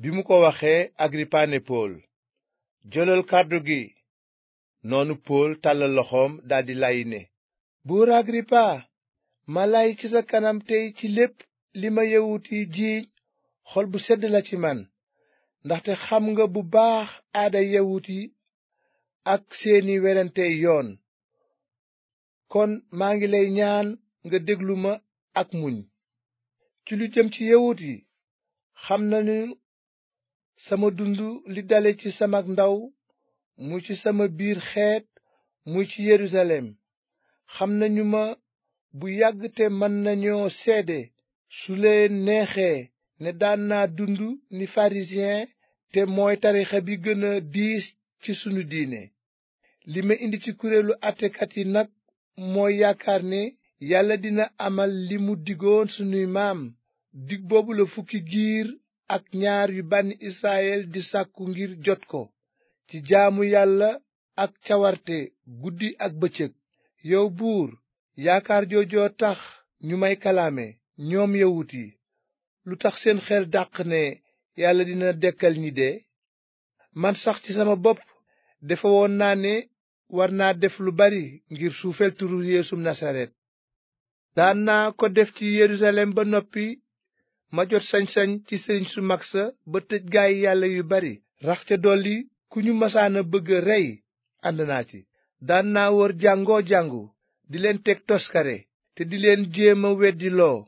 bi mu ko waxee agiripaa ne pool jëlal kàddu gi noonu pool tàllal loxoom daldi lay ne buur agiripaa ma lay ci sa kanam tey ci lépp li ma yawut yi jiiñ xol bu sedd la ci man ndaxte xam nga bu baax aada yawut yi ak seeni werante yoon kon maa ngi lay ñaan nga déglu ma ak muñ ci lu jëm ci yawut yi xam nañu sama dund li dale ci sama ndaw mu ci sama biir xeet muy ci yerusalem xam nañu ma bu yàgg te mën nañoo seede su leen neexee ne daan naa dund ni pharisien te mooy tarixa bi gën a diis ci sunu diine li ma indi ci kuréelu àttekat yi nag mooy yaakaar ne yàlla dina amal li mu digoon sunuy maam dig boobu la fukki giir ak ñaar yu bànni Israyil di sàkku ngir jot ko ci jaamu yàlla ak cawarte guddi ak bëccëg yow buur yaakaar joojoo tax ñu may kalaame ñoom yawut yi lu tax seen xel dàq ne yàlla dina dekkal ñi de man sax ci sama bopp dafa woon naa ne war naa def lu bari ngir suufeel turu yeesu nasaret daan def ci yerusalem ba noppi ma jot sañ-sañ ci sëriñ su mag sa ba tëj gaay yàlla yu bari rax ca dolli ku ñu masaana bëgg a rey ànd naa ci daan naa wër jàngoo jàngu di leen teg toskare te di leen jéem a weddi loo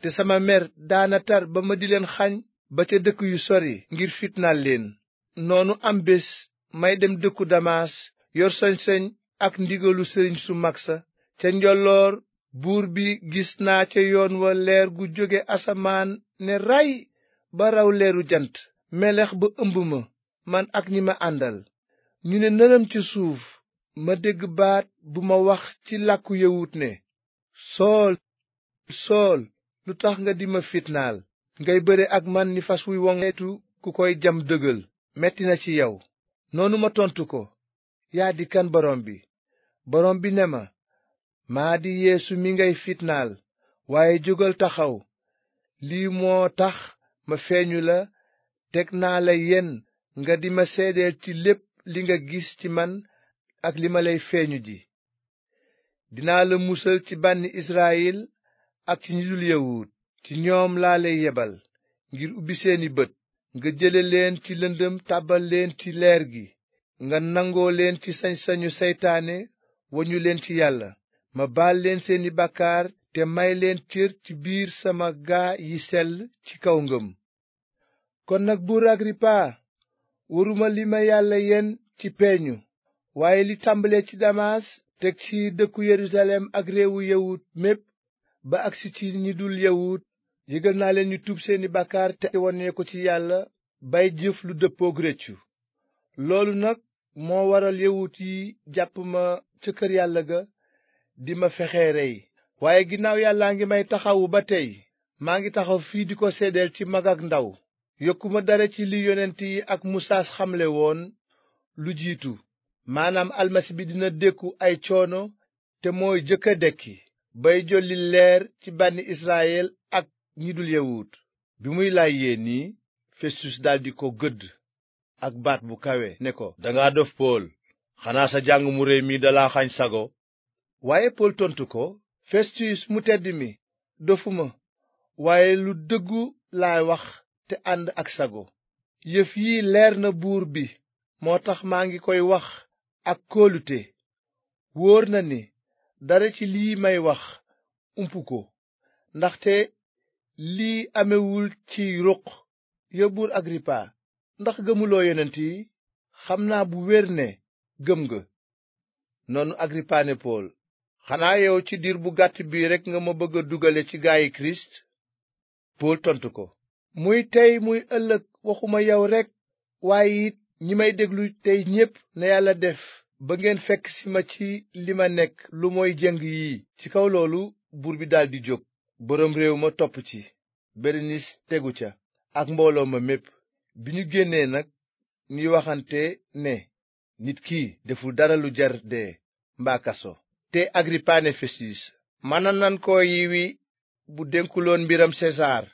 te sama mer daana tar ba ma di leen xañ ba ca dëkk yu sori ngir fitnaal leen noonu am bés may dem dëkku damaas yor sañ ak ndigalu sëriñ su mag sa ca njolloor buur bi gis naa ca yoon wa leer gu jóge asamaan ne ray ba raw leeru jant melex ba ëmb ma man ak ñi ma àndal ñu ne nërëm ci suuf ma dégg baat bu ma wax ci làkku yawut ne sool sool lu tax nga di ma fitnaal ngay bëre ak man ni fas wuy woŋetu ku koy jam dëggal metti na ci yow noonu ma tontu ko yaa di kan borom bi borom bi ne ma maa di yeesu mi ngay fitnaal waaye jógal taxaw lii moo tax ma feeñu la teg naa la yenn nga di ma seedeel ci lépp li nga gis ci man ak li ma lay feeñu ji dinaa la musal ci bànni Israyil ak ci ñi dul ci ñoom laa lay yebal ngir ubbi seeni bët nga jële leen ci lëndëm tàbbal leen ci leer gi nga nangoo leen ci sañ-sañu seytaane wañu leen ci yàlla ma baal leen seeni bàkkaar te may leen cër ci biir sama gaa yi sell ci kaw ngëm kon nag buur agripa waruma li ma yàlla yenn ci peñu waaye li tàmbalee ci damaas teg ci dëkku yerusalem ak réewu yawut mépp ba agsi ci ñi dul yawut yëgal naa leen ñu tub seeni bàkkaar te wone ko ci yàlla bay jëf lu dëppook rëccu loolu nag moo waral yawut yi jàpp ma ca kër yàlla ga di ma fexe rey waaye ginnaaw yàllaa ngi may taxawu ba tey maa ngi taxaw fii di ko seedeel ci mag ak ndaw yokkuma dara ci li yonent yi ak musaa xamle woon lu jiitu maanaam almasi bi dina dékku ay coono te mooy jëkk a dekki bay jolli leer ci bànni israyel ak ñi dul yawut bi muy laaj yéen nii festus di ko gëdd ak baat bu kawe ne ko danga dof pool xanaa sa jàng mu réy mi dalaa xañ sago waaye pool tontu ko festus mu tedd mi dofuma waaye lu dëggu laay wax te ànd ak sago yëf yi leer na buur bi moo tax maa ngi koy wax ak kóolute wóor na ni dara ci lii may wax umpu ko ndaxte lii amewul ci ruq ya buur agripa ndax gëmuloo yonent yi xam naa bu wér ne gëm nga noonu agripa xanaa yow ci diir bu gàtt bii rekk nga ma bëgg a dugale ci gaayi kirist pool tontu ko muy tey muy ëllëg waxuma yow rekk waaye it ñi may déglu tey ñépp na yàlla def ba ngeen fekk si ma ci li ma nekk lu mooy jëng yii ci kaw loolu buur bi daldi jóg boroom réew ma topp ci berenis tegu ca ak mbooloo ma mépp bi ñu génnee nag ñuy waxante ne nit ki deful dara lu jar dee mbaa kaso te agirippa ne man a nañ ko yiwi bu dénkuloon mbiram sesaar